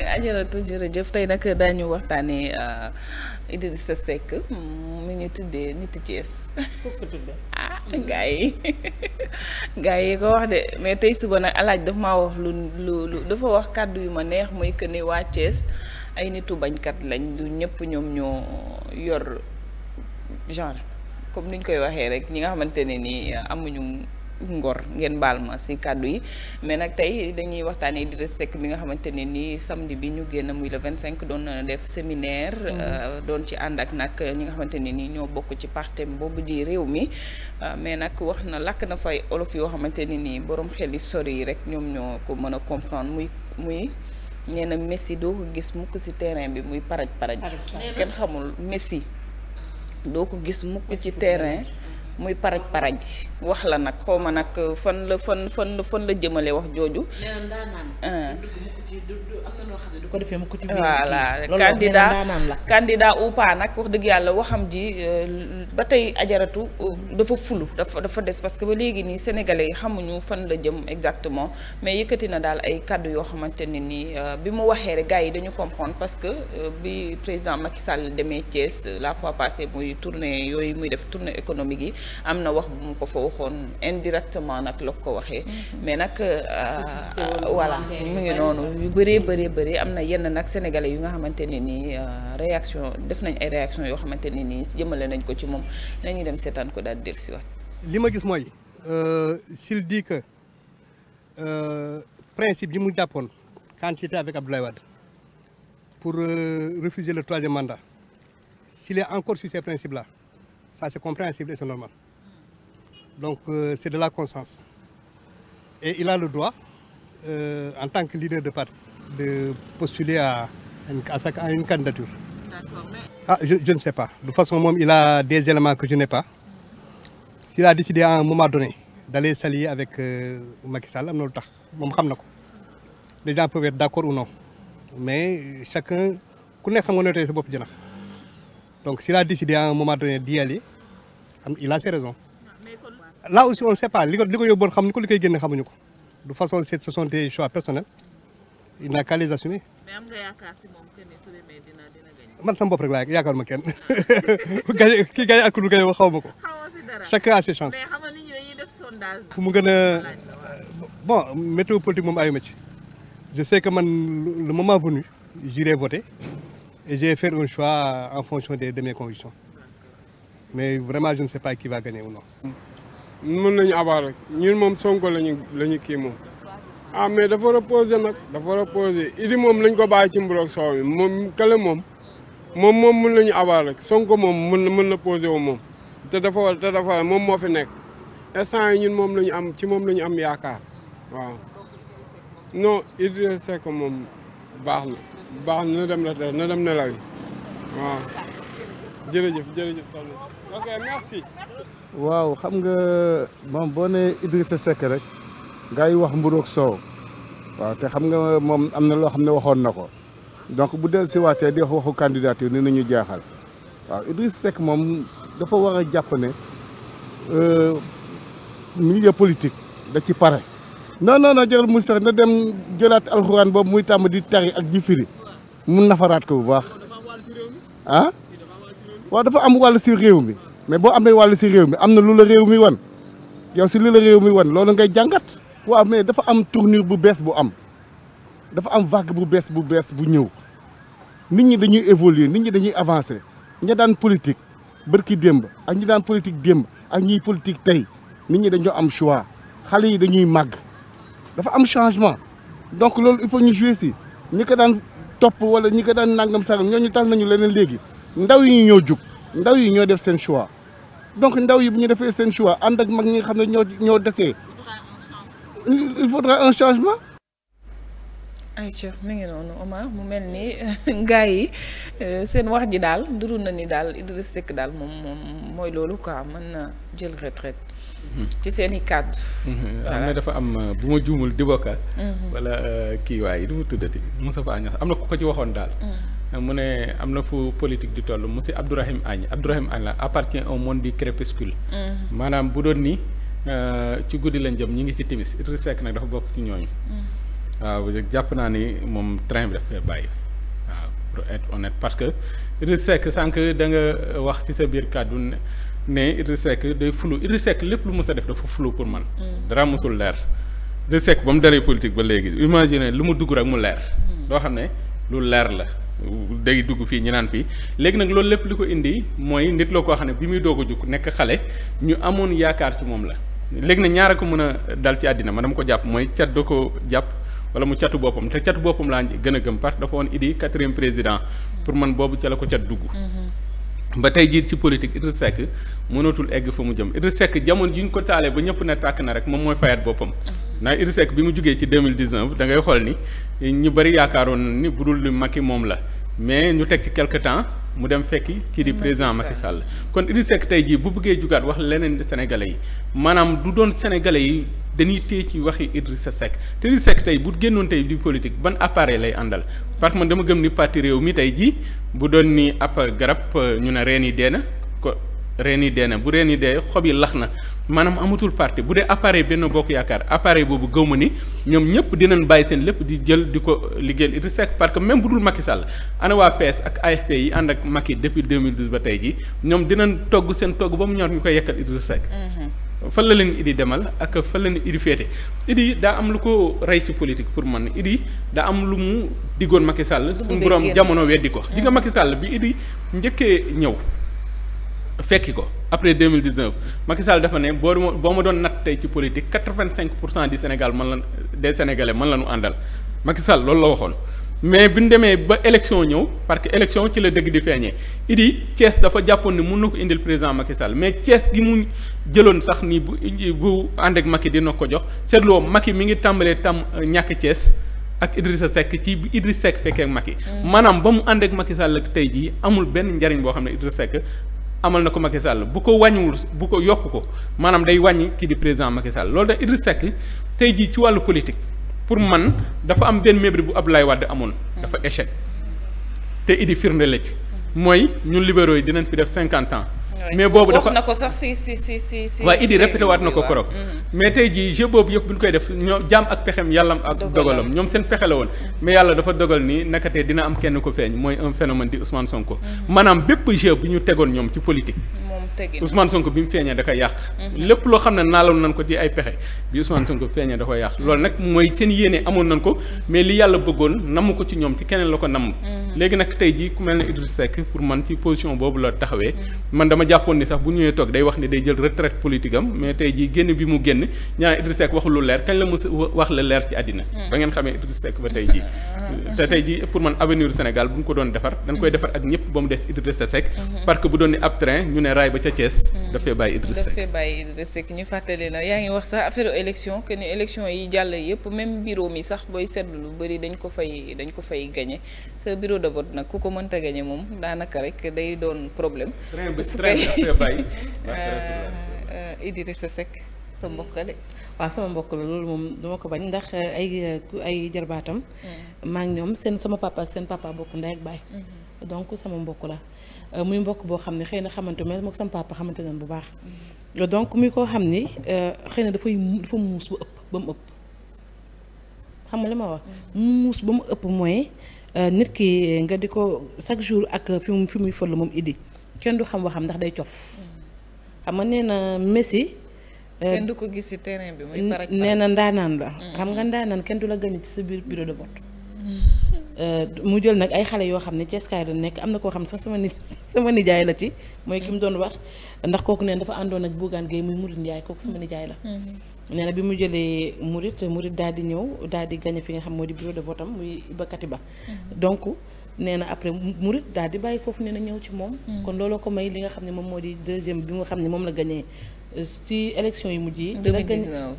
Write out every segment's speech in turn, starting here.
ajaratu jërëjëf tey nag daañu waxtaanee euh, Idrissa Seck mm, mi ñu tuddee nitu Thiès. ah gars yi gars yi ko wax de mais tey suba nag alaaj dafa ma wax lu lu dafa wax kàddu yu ma neex mooy que ni waa Thiès ay nitu bañkat lañ du ñëpp ñoom ñoo yor genre comme niñ koy waxee rek ñi nga xamante ne nii euh, amuñu. ngor ngeen baal ma si kàddu yi mais nag tey dañuy waxtaanee di Seck bi nga xamante ne nii samedi bi ñu génn muy le 25 doon na def séminaire. Mm-hmm. Euh, doon ci ànd ak nag ñi nga xamante ne nii ñoo bokk ci partem boobu di réew mi euh, mais nag wax na làkk na fay olof yoo xamante ne nii borom xel yi sori yi rek ñoom ñoo ko mën a comprendre muy muy. nee na Messi doo ko gis mukk ci terrain bi muy paraj paraj kenn xamul Messi doo ko gis mukk ci terrain muy paraj paraj wax la nag xaw ma nag fan la fan fan fan la jëmale wax jooju. Ah. voilà candidat candidat ou pas nag wax dëgg yàlla waxam ji euh, ba tey ajaratu euh, dafa fulu dafa dafa des parce que ba léegi nii sénégalais yi xamuñu fan la jëm exactement mais yëkkati na daal ay kàddu yoo xamante ne nii euh, bi mu waxee rek gars yi dañu comprendre parce que bi président Macky Sall demee Thiès la fois passée muy tournée yooyu muy def tournée économique yi. am na wax bu mu ko fa waxoon indirectement nag la ko waxee mhm. mais nag euh, voilà mu ngi noonu yu bëree bëree bëri am na yenn nag sénégalais yu nga xamante ne nii euh, réaction def nañ ay réaction yoo xamante ne nii jëmale nañ ko ci moom nañu dem seetaan ko daal del si li ma gis mooy euh, s'il dit que principe yi mu jàppoon quand il était avec Abdoulaye Wade pour euh, refuser le troisième mandat s'il est encore sur ces principes-là ça c'est compréhensible et c'est normal Donc euh, c'est de la conscience. Et il a le droit, euh, en tant que leader de parti, de postuler à une, sa, à une candidature. D'accord, mais... Ah, je, ne sais pas. De façon, moi, il a des éléments que je n'ai pas. S'il a décidé à moment donné d'aller s'allier avec euh, Macky Sall, am na tax moom xam na ko. Les gens peuvent être d'accord ou non. Mais chacun ku nekk xam nga ne tey sa bopp jënax. Donc s'il a décidé en un moment donné d'y aller, il a ses raisons. là aussi on ne sait pas li ko li ko yóbboon xamuñu ko li koy génne xamuñu ko de façon ce sont des choix personnels il n'a qu'à les assumer. mais am yaakaar ci moom que ma kenn ki gañe ak ku dul gañe ma xaw ma ko. xamoo si dara chacun a ses chances. fu mu gën a bon météo politique moom ayuma ci. je sais que man le moment venu j'irai voter et j'ai fait un choix en fonction des de mes convictions mais vraiment je ne sais pas qui va gagner ou mën nañu abaar rek ñun moom Sonko lañu la ñu kii moom ah mais dafa reposé nag dafa reposé idi moom lañ ko bàyyi ci mburoog soow mi moom kële moom moom moom mën nañu abaar rek Sonko moom mën mën na posé wu moom te dafa te dafa moom moo fi nekk instant yi ñun moom la ñu am ci moom la ñu am yaakaar waaw non Idrissa Seck moom baax na baax na dem la na dem ne jërëjëf jërëjëf soxna waaw xam nga moom boo ne Idrissa Seck rek gars yi wax mburoog soow waaw te xam nga moom am na loo xam ne waxoon na ko donc bu del si waatee di wax waxu candidature ni nañu jaaxal waaw Idrissa Seck moom dafa war a jàpp ne euh, milieu politique da ci pare non non non jërël mu sax na dem jëlaat alxuraan boobu muy tàmm di tari ak ji firi mun nafaraat ko bu baax ah waaw dafa am wàll si réew mi mais boo amee wàllu si réew mi am na lu la réew mi wan yow si li la réew mi wan loolu ngay jàngat. waaw mais dafa am tournure bu bees bu am dafa am vague bu bees bu bees bu ñëw nit ñi dañuy évoluer nit ñi dañuy avancer ña daan politique bërki démb ak ñi daan politique démb ak ñiy politique tey nit ñi dañoo am choix xale yi dañuy màgg dafa am changement donc loolu il faut ñu jouer si ñi ko daan topp wala ñi ko daan nangam sangam ñooñu tax nañu leneen léegi ndaw yi ñoo jug ndaw yi ñoo def seen choix. donc ndaw yi bu ñu defee seen choix ànd ak mag ñi nga xam ne ñoo ñoo desee il faudra un changement Aïcha mi ngi noonu Omar mu mel ni gars yi euh, seen wax ji daal nduru na ni daal Idriss daal moom moom mooy loolu quoi mën na jël retraite mhm. ci seen i kàddu. am mhm. na dafa am euh, bu ma juumul diboka mhm. wala euh, kii waay du mu tuddati Moussa Faye am na ku ko ci waxoon daal. mu ne am na fu politique di toll si Abdourahim Agne Abdourahim Agne la appartient au monde du crépuscule. Mm-hmm. maanaam bu doon ni euh, ci guddi lañ jëm ñi ngi si timis Idrissa Seck nag dafa bokk ci ñooñu. Mm-hmm. waaw jàpp naa ni moom train bi dafay bàyyi waaw pour être honnête parce que Idrissa Seck sànq da nga wax ci sa biir kàddu ne ne Idrissa Seck day flou Idrissa lépp lu mës a def dafa flou pour man. Mm-hmm. dara mësul leer. Idrissa Seck ba mu dalee politique ba léegi imagine lu mu dugg rek mu leer. loo xam ne lu leer la. day dugg fii ñu naan fii léegi nag loolu lépp li ko indi mooy nit la koo xam ne bi muy doog a jukk nekk xale ñu amoon yaakaar ci moom la léegi na ñaar a ko mën a dal ci àddina ma dama ko jàpp mooy cat da ko jàpp wala mu catu boppam te catu boppam laa gën a gëm parce que dafa woon idi président pour man boobu ca la ko cat dugg mm-hmm. ba tey jii ci politique Idriss Seck mënatul egg fa mu jëm Idriss Seck jamono ju ñu ko taalee ba ñëpp ne tàkk na rek moom mooy fayat boppam. ndax Idriss Seck bi mu jugee ci deux mille dix-neuf da ngay xool ni ñu bëri yaakaaroon ni budul lu Macky moom la. mais ñu teg ci quelque temps mu dem fekki kii di président Macky Sall kon Idrissa Seck tey jii bu bëggee jugaat wax leneen Sénégalais yi maanaam du doon Sénégalais yi dañuy téye ci waxi sa Seck te Idrissa Seck tey bu génnoon tey di politique ban appareil lay àndal parce que dama gëm ni parti réew mi tey jii bu doon ni ab garab euh, ñu ne reen yi dee na ko reen yi dee na bu reen yi dee xob yi lax na maanaam amatul parti bu dee appareil benn bokk yaakaar appareil boobu gëw ma ni ñoom ñëpp dinañ bàyyi seen lépp di jël di ko liggéeyal Idrissa Seck parce que même bu dul Macky Sall ana waa PS ak AFP yi ànd ak Macky depuis 2012 ba tey ji ñoom dinañ togg seen togg ba mu ñor ñu koy yekkal Idrissa Seck. Mm-hmm. fan la leen Idi demal ak fan la leen Idi féete Idi daa am lu ko rey ci politique pour man Idi daa am lu mu diggoon Macky Sall. suñu borom jamono weddi ko. di nga mm-hmm. Macky Sall bi Idi njëkkee ñëw. fekki ko après deux mille dix neuf Macky dafa ne boo boo ma doon natt tey ci politique quatre vingt cinq pour cent du Sénégal mën la des sénégalais mën la ñu àndal Macky Sall loolu la waxoon. mais bi ñu demee ba élection ñëw parce que élection ci la dégg di feeñee idi Thiès dafa jàppoon ni mun na ko indil président makisal mais Thiès gi mu jëloon sax ni bu bu ànd ak Macky dina ko jox seetloo Macky mi ngi tàmbalee tam euh, ñàkk Thiès ak Idrissa sekk ci bi Idrissa Seck fekkee ak Macky. Mm. maanaam ba mu àndeek ak Macky tey jii amul benn njariñ boo xam ne Idrissa Seck amal na ko Macky bu ko wàññiwul bu ko yokk ko maanaam day wàññi kii di président Macky Sall loolu tax Idriss Seck tey jii ci wàllu politique pour man dafa am benn mébri bu Abdoulaye Wade amoon. dafa mm. échec te Idi firnde la ci. mooy ñun libéraux yi dinañ fi def cinquante ans. mais boobu dafa wax na ko sax si si si si si. na ko korok. Mm-hmm. mais tey jii jeu boobu yëpp bu ñu koy def ñoo jaam ak pexem yàllam ak dogalam ñoom seen pexe la woon. Mm-hmm. mais yàlla dafa dogal nii nakatee dina am kenn ko feeñ mooy un phénomène di Ousmane Sonko. Mm-hmm. maanaam bépp jeu bu ñu tegoon ñoom ci politique. tegin Ousmane Sonko bi mu feeñee da koy yàq. Mhm. lépp loo xam ne naaloon nañ ko di ay pexe bi Ousmane Sonko feeñee da koy yàq loolu nag mooy seen yéene amoon nañ ko mais li yàlla bëggoon namm ko ci ñoom ci keneen la ko namm. Mhm. léegi nag tey jii ku mel man ci position boobu la taxawee. Mhm. man dama jàppoon ni sax bu ñëwee toog day wax day jël retraite politique mais tey jii génn bi mu génn ñaar Idriss Seck waxul lu leer kañ la mos wax la leer ci àddina. ba ngeen xamee Idriss Seck ba tey jii. tey jii pour man avenir Sénégal bu ñu ko doon defar dañ koy defar ak ñ ba mu des Idriss Thiès. dafay bàyyi Idriss Seck dafay fàtte Idriss Seck na yaa ngi wax sax affaire élection que ni yi jàll yëpp même bureau mi sax booy seetlu lu bari dañ ko fay dañ ko fay gagné sa bureau de vote nag ku ko mënta gagné moom daanaka rek day doon problème. su fekkee euh, Idriss Seck sa mbokk de. waaw sama mbokk la loolu moom duma ko bañ ndax euh, ay ay jarbaatam hmm. maa ñoom seen sama papa seen papa bokk ndey ak baay hmm. donc sama mbokk la. Euh, muy mbokk boo xam ne xëy na xamante mel mook sama papa xamante nañ bu baax donc muy koo xam ni euh, xëy na dafay dafa muus ba ëpp ba mu ëpp xam nga li ma wax ba mu ëpp mooy euh, nit ki nga di ko chaque jour ak fi mu fi muy fël moom idi kenn du xam waxam ndax day cof xam nee na Messi kenn ko gis ci terrain bi. muy nee na ndaanaan la. Mm. xam nga ndaanaan kenn du la gagné ci sa biir bureau de vote. Mm. Euh, mu jël nag ay xale yoo xam ne Thiès kaay la nekk am na koo xam sax sama ni sama nijaay la ci. mooy ki mu doon wax ndax kooku neen dafa àndoon ak Bougane Gueye muy Mouride Ndiaye kooku sama nijaay la. Mm-hmm. nee na bi mu jëlee murit Mouride daal di ñëw daal di gagné fi nga xam moo di bureau de vote am muy Iba Katiba. Mm-hmm. donc nee na après Mouride daal di bàyyi foofu nee ñëw ci moom. Mm-hmm. kon looloo ko may li nga xam ne moom moo di deuxième bi nga xam ne moom la gagné ci élection yi mujj yi.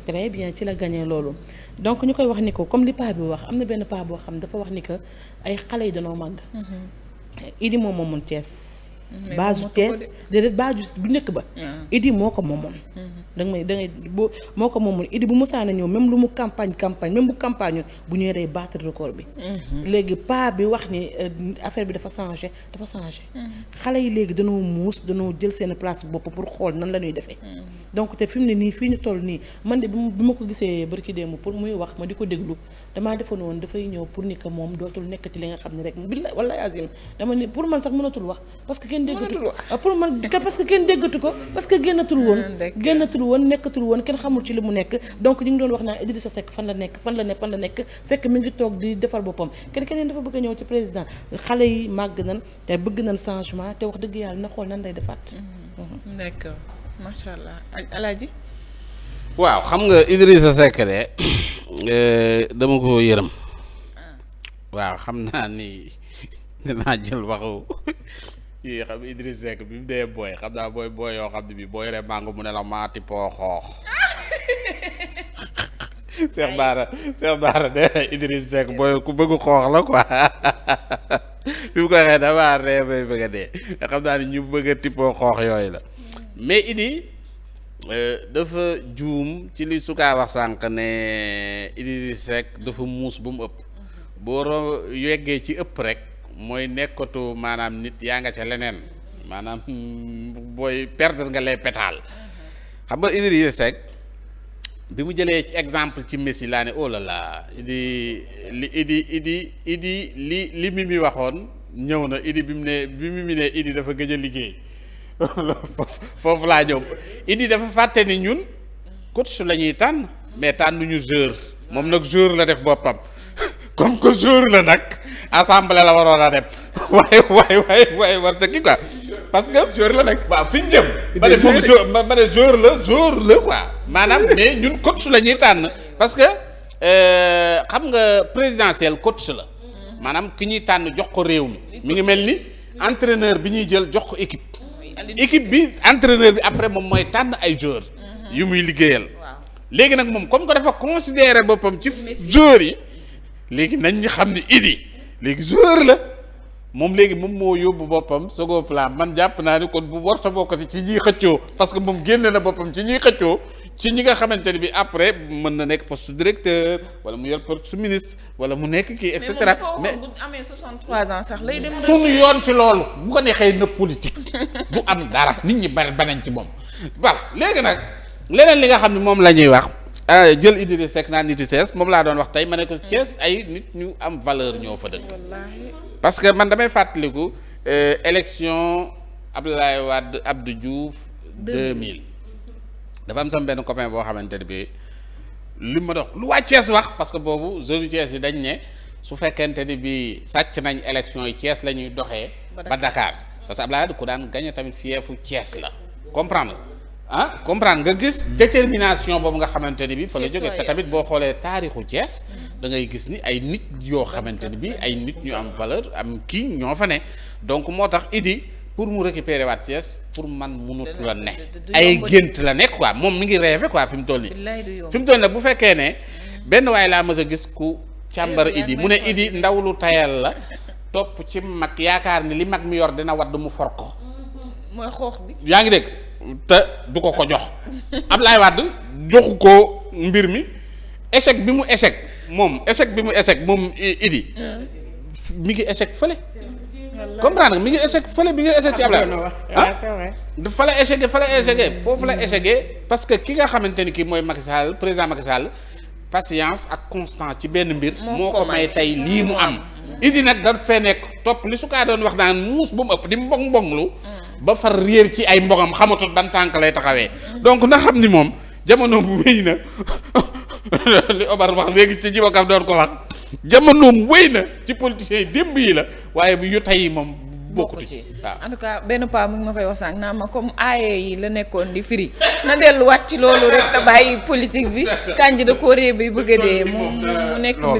très bien ci la gagné loolu. donc ñu koy wax ni ko comme li paa bi wax am na benn paa boo xam ne dafa wax ni que ay xale yi danoo màgg. Mm-hmm. Idi moom moo mun Cees base Thiès déedéet base bu njëkk ba ah. idi moo ko moom moom nga may da boo moo ko moomoon idi bu musaana ñëw même lu mu campagne campagne même bu campagne bu ñëwee day battre bi mhm. léegi pa bi wax ni euh, affaire bi dafa changé dafa changé mhm. xale yi léegi danoo muus danoo jël seen place bopp pour xool nan la ñuy defee mhm. donc te fi mu ne nii fii ñu toll nii man de bi ma ko gisee barki démb pour muy wax ma di ko déglu damaa defoon noonu dafay ñëw pour nikk moom dootul nekk li nga xam ne rek bi wala azim dama ni pour man sax mënatul wax parce kenn déggatu ko euh, pour man parce que kenn déggatu ko parce que génnatul woon génnatul woon nekkatul woon kenn xamul ci li mu nekk donc ñu ngi doon wax naan Idrissa Seck fan la nekk fan la ne fan la nekk fekk mi ngi toog di defar boppam kenn keneen dafa bëgg a ñëw ci président xale yi màgg nan te bëgg nan changement te wax dëgg yàlla na xool nan lay defaat mm-hmm. Mm-hmm. d'accord macha allah alaaji waaw xam nga Idrissa Seck de euh, dama ko yërëm ah. waaw xam naa ni danaa jël waxu yi xam Idriss Seck bi mu dee booy xam naa booy booy xam ne bi booy rek la maati pooxoox Cheikh booy ku bëgg xoox la quoi bi mu ko waxee damaa ree bëgg a xam naa ñu bëgg tippoo xoox yooyu la mais Idi euh, dafa juum ci li su wax sànq ne Idriss Seck dafa muus bu mu ëpp boo yeggee ci ëpp rek mooy nekkatu maanaam nit yaa nga ca leneen maanaam booy perdre nga les pétales xam nga Idrissa Seck bi mu jëlee exemple ci Messi laa ne oh là là idi li idi idi idi li li mi waxoon ñëw na idi bi mu ne bi mu mi ne idi dafa gëj liggéey foofu laa ñëw idi dafa fàtte ni ñun coach la mais tànn nu ñu joueur moom nag joueur la def boppam comme que jour la nag assemblée la waroon a dem waaye waaye waaye waaye war ca kii quoi parce que jour la nag waaw fi ñu jëm ma ne moom jour ma ne jour la jour la quoi maanaam mais ñun coach la ñuy tànn parce que euh, xam nga présidentiel coach la maanaam ki ñuy tànn jox ko réew mi mi ngi mel ni entraîneur bi ñuy jël jox ko équipe équipe bi entraîneur bi après moom mooy tànn ay joueurs mhm. yu muy liggéeyal léegi nag moom comme que dafa considéré boppam ci joueurs yi léegi nañ ñu xam ne Idy léegi joueur la moom léegi moom moo yóbbu boppam second plan man jàpp naa ni kon bu warta bokkati ci ñuy xëccoo parce que moom génne na boppam ci ñuy xëccoo ci ñi nga xamante ne bi après mën na nekk poste directeur wala mu yor poste su ministre wala mu nekk kii et cetera mais bu amee 63 ans sax lay dem suñu yoon ci loolu bu ko neexee na politique du am dara nit ñi bari banañ ci moom voilà léegi nag leneen li nga xam ne moom la ñuy wax Euh, jël Idriss Seck naa nitu Thiès moom laa doon wax tey ma ne ko mm. Thiès ay nit ñu am valeur ñoo fa dëkk parce que man damay fàttaliku euh, élection Abdoulaye Wade Abdou Diouf 2000 dafa am sama benn copain boo xamante ne bi li ma dox lu waa Thiès wax parce que boobu jeune yi dañ ne su fekkente ni bi sàcc nañ élection yi Thiès la ñuy doxee ba dakaar parce que laa Wade ku daan gagné tamit fieefu Thiès la comprendre ah comprendre nga gis détermination boobu nga xamante ni bi fa la jógee te tamit boo xoolee taarixu Thiès da ngay gis ni ay nit yoo xamante ni bi ay nit ñu am valeur am kii ñoo fa ne donc moo tax Idi pour mu récupérer waat Thiès pour man munut la ne ay gént la nekk quoi moom mi ngi rêvé quoi fi mu toll nii fi mu toll nii bu fekkee ne benn waaye laa mës a gis ku càmbar iddi mu ne Idi ndaw lu tayal la topp ci mag yaakaar ni li mag mi yor dina wat mu for yaa ngi dégg te du ko ko jox Ablaye Wade joxu ko mbir mi échec bi mu échec moom échec bi mu échec moom idi mi ngi échec fële comprendre mi ngi échec fële bi nga échec ci Ablaye ah, ah? fa la échecgee fa la échecgee foofu la échecgee parce que ki nga xamante ni kii mooy Macky Sall président Macky Sall patience ak constant ci benn mbir moo ko may tey lii mu am idi nag da fee nekk topp li su kaa doon wax naan muus bu mu ëpp di mbong mbonglu ba far réer ci ay mbogam xamatul ban tànk lay taxawee donc na xam ni moom jamono bu wéy na li Omar wax léegi ci jibakam doon ko wax jamonoom wéy na ci politiciens yi démb yi la waaye bu yu tey moom bokkutu ci en benn paa mu ngi ma koy wax sànq naa ma comme aaye yi la nekkoon di firi na delluwaat ci loolu rek te bàyyi politique bi kànji da koo réew bi bëgg a dee mu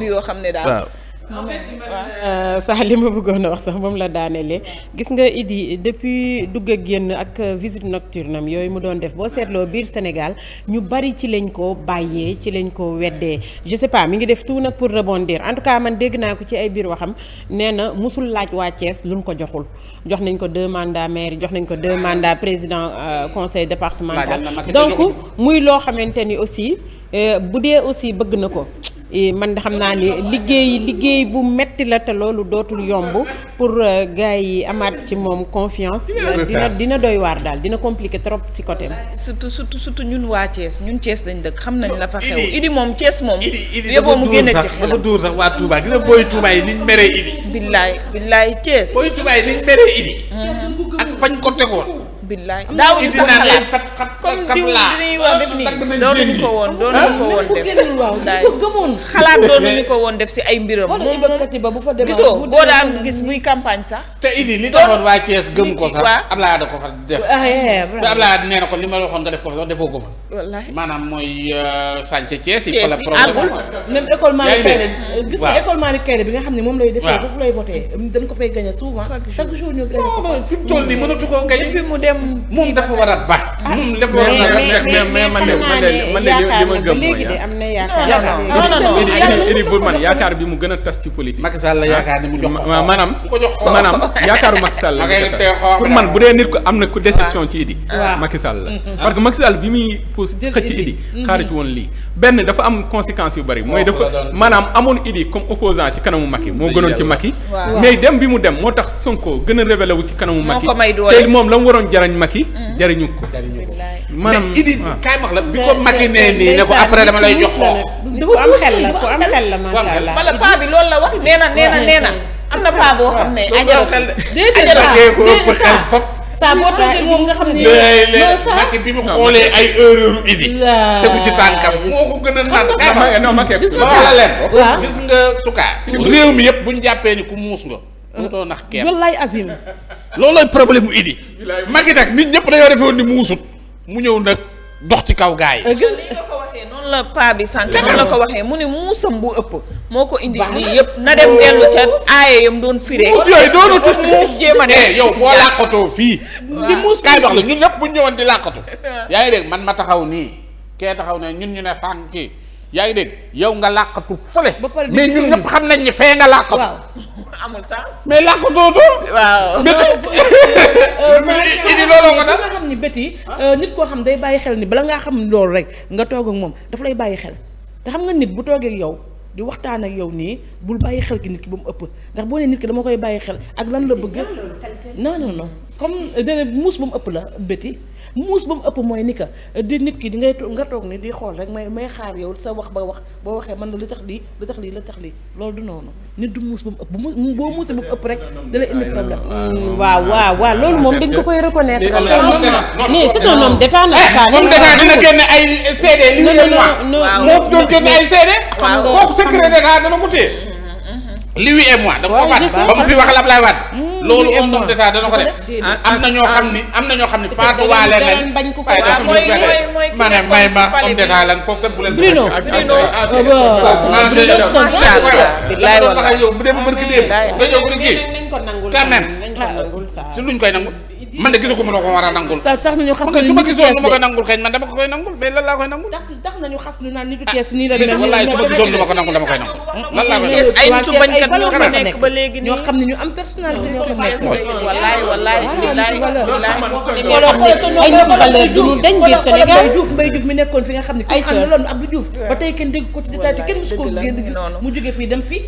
yoo xam ne daal en euh, sax li ma bëggoon a wax sax moom la daanelee gis nga it Idy depuis dugg a génn ak visite nocturne nam yooyu mu doon def boo seetloo biir Sénégal ñu bari ci lañ ko bàyyee ci lañ ko weddee je sais pas mi ngi def tout nag pour rebondir en tout man dégg naa ko ci ay biir waxam nee na musul laaj waa Thiès luñ ko joxul jox nañ ko deux mandats maire jox nañ ko deux mandats président euh, conseil départemental donc muy loo xamante ni aussi euh, bu dee aussi bëgg na ko man xam naa ni liggéey liggéey bu metti la te loolu dootul yomb pour euh, gars yi amaat ci moom confiance. dina dina doy waar daal dina compliqué trop ci côté surtout surtout surtout ñun waa Thiès ñun cees dañ dëkk xam nañ la fa xew. idi moom cees moom. yóbboo mu génne ci xelam dafa dóor sax waa Touba gis booy Touba yi niñ meree idi. billaay billaay Thiès. booy Touba yi niñ meree idi. Mm. ak fañ ko tegoon. billaay daawuñu sax xalaat comme diw dañuy wax def nii doonuñu ko ko woon def daay ko woon def si ay mbiram moom da ko fa def ah, te Ablaye nee na ko li ma la waxoon nga def ko fa sax defoo euh, lay defee foofu lay voté dañ ko fay gagné souvent chaque jour ñu gagné ko fi mu toll nii mënatu ko gagné dem. moom dafa war a ba. Ah. moom dafa war a respecté naa ne yaakaar ah. na ba léegi man yaakaar bi mu gën a tas ci politique. Macky Sall la ah. yaakaar ni mu jox ko maanaam. ko yaakaaru Macky la. pour man bu dee nit ko am na ku déception ci Idi. waaw Macky Sall la. Mm-hmm. parce que Macky Sall bi muy pousse xëcc Idi. Mm-hmm. xaarit woon lii benn dafa am conséquence yu bari. mooy dafa maanaam amoon Idi comme opposant ci kanamu Macky mm-hmm. moo gënoon ci Macky. mais dem bi mu dem moo tax Sonko gën a révélé wu ci kanamu Macky. moo ko tey moom la mu waroon jariñ Macky jariñu ko. jariñu ko la bi ko makinee nii ne ko après dama lay jox xoox. du am xel la ku am xel la macha allah wala paa bi loolu la wax nee na nee na nee na am na paa boo xam saa fop saa boo bi mu xoolee ay erreur u Idi tegu ci tànkam moo ko gën a naan non Macky ma wax la leen gis nga sukaa réew mi yëpp bu ñu jàppee ni ku muus nga mutoo nax kenn wallaay azim loolu lay problème mu Idi Macky nag nit ñëpp dañoo defee woon ni muusut mu ñëw nag dox ci kaw gaa yi. Eh, noonu la paa bi sànq. noonu ko waxee mu ne muusam bu ëpp. moo ko indi lii yëpp na dem dellu ca aaye yam doon firee. muus yooyu doonu tut muus jéem a ne eh, yow boo làqatoo fii. di kaay wax la ñun ñëpp bu ñu ñëwoon di làqatu. yaa man ma taxaw nii kee taxaw ne ñun ñu ne fànn kii yaa ngi dégg yow nga làqatu fële. mais ñun ñëpp xam nañ ni fee nga làqatu. amul sens. mais làkk dootul. waaw béti euh, euh, looloo ko dal nga xam ni béti euh, nit koo xam day bàyyi xel ni bala ngaa xam loolu rek nga toog ak moom daf lay bàyyi xel te xam nga nit bu toogee yow di waxtaan ak yow nii bul bàyyi xel ki nit ki ba mu ëpp ndax boo nee nit ki dama koy bàyyi xel ak lan la bëgg. non noonu non comme déedéet muus ba mu ëpp la béti. muus ba mu ëpp mooy ni que euh, di nit ki di ngay nga toog ni di xool rek may may xaar yow sa wax ba wax boo waxee man la li tax lii li tax lii la tax lii loolu du noonu nit du muus ba mu ëpp bu mu boo muusee ba mu ëpp rek da lay indi problème. Ah, mm, waaw waaw waaw loolu moom dañ ko koy reconnaître. parce que moom nii c'est un homme d'état nag. homme d'état dina génne ay CD. li mu yëg mois moo fi doon génne ay CD. Mm-hmm. waaw kooku secret d'état dana ko téye. Mm-hmm. li huit mois da nga ko faat ba mu fi wax la Ablaye Wade mm-hmm. loolu homme d'état dana ko def am na ñoo xam ni am na ñoo xam ni faatuwaale leen maanaam may ma homme d'état lan kooku bu leen Bruno Bruno yow bu dem bërki démb nga ñëw ko kii quand même ci luñ koy nangu man de gisu ko mënoo ko war a nangul. tax nañu tax nañu xas ñu naan nitu kees nii la mel. wallaay su ma nekkoon fi nga xam ne ku xam ne loolu Abdou Diouf ba tey kenn dégg ko ci détail te kenn musu ko génn gis mu jóge fii dem fii.